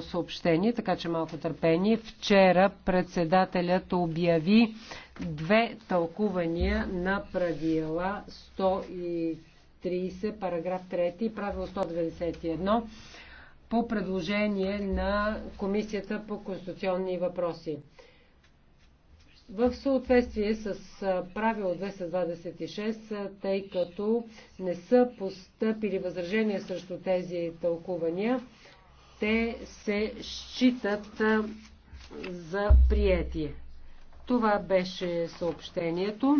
съобщение, така че малко търпение. Вчера председателят обяви две тълкувания на правила 130, параграф 3 и правило 191 по предложение на Комисията по конституционни въпроси. В съответствие с правило 226, тъй като не са постъпили възражения срещу тези тълкувания, те се считат за приятие. Това беше съобщението.